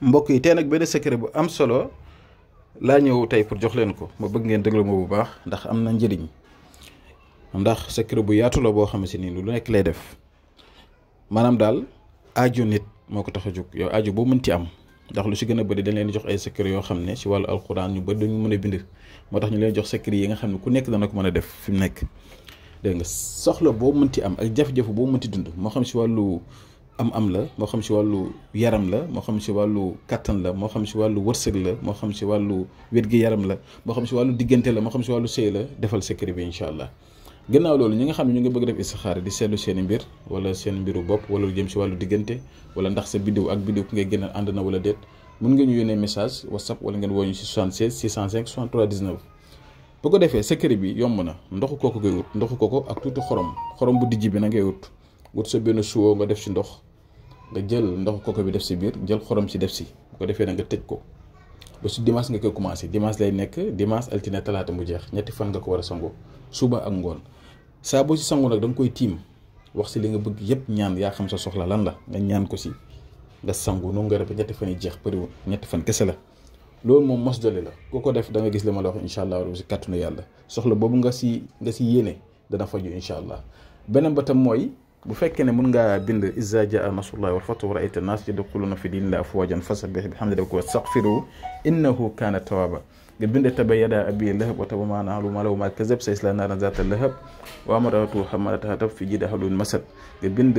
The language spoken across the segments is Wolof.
mbokk yi tey nag benn secret bu am solo laa ñëw tey pour jox leen ko ma bëgg ngeen déglu ma bu baax ndax am na njariñ ndax secret bu yaatu la boo xam si ni lu nekk lay def maanaam daal aajo nit moo ko tax a jóg yow aajo boo mënti am ndax lu si gën a bëri dañ leen jox ay secret yoo xam ne si wàllu alxuraan ñu bëri dañu mën a bind moo tax ñu leen jox secret yi nga xam ne ku nekk dana ko mën a def fi mu nekk dégg nga soxla boo mënti am ak jafe-jafe boo mënti dund moo xam si wàllu am-am la moo xam si wàllu yaram la moo xam si wàllu kattan la moo xam si wàllu wërsëg la moo xam si wàllu wér-gi-yaram la moo xam si wàllu diggante la moo xam si wàllu sëy la defal sa kër bi incha allah. gannaaw loolu ñi nga xam ne ñu ngi bëgg def istixaara di seetlu seeni mbir wala seen mbiru bopp wala lu jëm si wàllu diggante wala ndax sa biddiw ak biddiw ki ngay génnal ànd na wala déet mun nga ñu yónnee message whatsapp wala ngeen woo ñu si 76 605 63 19. bu ko defee sa bi yomb na ndoxu kooku ngay ndoxu kooku ak tuuti xorom xorom bu dijj bi na ngay wut wut sa benn suwoo nga def si ndox nga jël ndoxu ko bi def si biir jël xorom si def si bu ko defee na nga tëj ko ba su dimanche nga koy commencé dimanche lay nekk dimanche altine talaata mu jeex ñetti fan nga ko war a sangoo suba ak ngoon saa si sangoo nag da nga koy tiim wax si li nga bëgg yëpp ñaan yaa xam sa soxla lan la nga ñaan ko si nga sangu noonu nga def ñetti fan yi jeex përiwul ñetti fan kese la loolu moom mos dole la ku ko def da nga gis li ma la wax incha allah si kàttanu yàlla soxla boobu nga si nga si yéene dana faju incha allah beneen ba mooy bu fekkee ne mun ngaa bind izaa jaa nasrullahi wal fath wa ra'ayta naas yadxuluuna fi diinillahi afwaajan fasabbih bihamdi rabbika wastaghfirhu innahu kaana tawwaaba nga bind taba yadaa abii lahab wa taba maa naalu maa lahu maa kazab sayaslaa naaran zaata lahab wa amra'atuhu hammaalatal hatab fi jiidihaa hablum min masad nga bind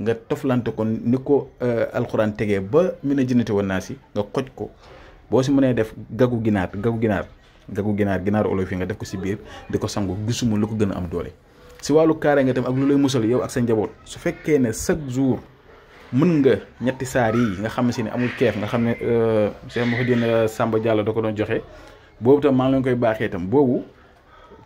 nga toflante ko ni ko euh, alxuraan tegee ba mu na jënate woon naa si nga xoj ko boo si mënee def gagu ginaar gagu ginaar gagu ginaar ginaar olof yi nga def ko si biir di ko sangu gisuma lu ko gën a am doole si wàllu kaare nga tam ak lu lay musal yow ak sa njaboot su fekkee ne chaque jour mën nga ñetti saar yi nga xam si ne amul keef nga xam ne euh, Cheikh Mouhidine euh, Samba Diallo da ko doon joxe boobu tam maa ngi leen koy baaxee itam boobu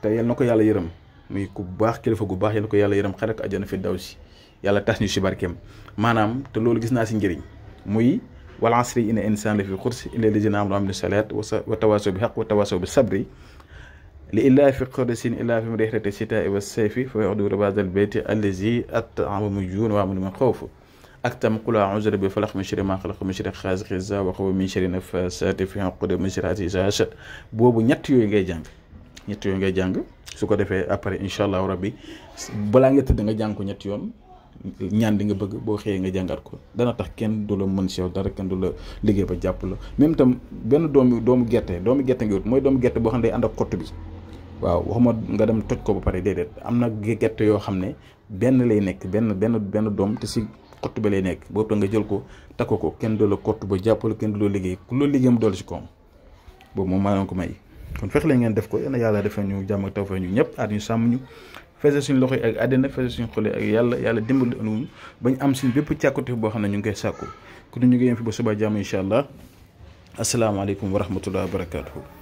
te yal na ko yàlla yërëm muy ku baax kilifa gu baax yal na ko yàlla yërëm xarak àjjana fi daw si yàlla tas ñu ci barkeem maanaam te loolu gis naa ci njëriñ muy wal asri inna insaan la fi xursi illa lazina amanu amilu salaat wa tawaasaw bi xaq wa tawaasaw bi sabri li illaa fi qardasin illaa fi rihrati sitaa wa sayfi fa yaxdu rabadal beyti allazi at'amahum juun wa amanu min xawf ak tam qul a'uuzu bi falaq min sharri maa xalaq min sharri xaasiqin izaa waqab min sharri nafaasaati fi uqad min sharri haasidin izaa hasad boobu ñett yooyu ngay jàng ñett yooyu ngay jàng su ko defee après incha allahu rabbi balaa nga nga jàng ko yoon ñaan di nga bëgg boo xëyee nga jàngat ko dana tax kenn du la mën si yow dara kenn du la liggéey ba jàpp la même tam benn doomu doomu gerte doomu gerte nga wut mooy doomu gerte boo xam ne day ànd ak xott bi waaw waxuma nga dem toj ko ba pare déedéet am na gerte yoo xam ne benn lay nekk benn benn benn doom te si xott ba lay nekk boobu nga jël ko takko ko kenn du la xott ba jàpp la kenn du la liggéey ku la liggéey mu dool si koom boobu moom maa ko may kon fex la ngeen def ko yéen a yàlla defee ñu jàmm ak taw fa ñu ñëpp aat ñu sàmm ñu feesal suñu loxo yi ak àddina feesal suñu xol yi ak yàlla yàlla dimbali ñu ba ñu am suñu bépp càkkutif boo xam ne ñu ngi koy sàkku kon ñu ngi yem fi ba suba jàmm incha allah asalaamaaleykum wa rahmatullah wa barakaatu.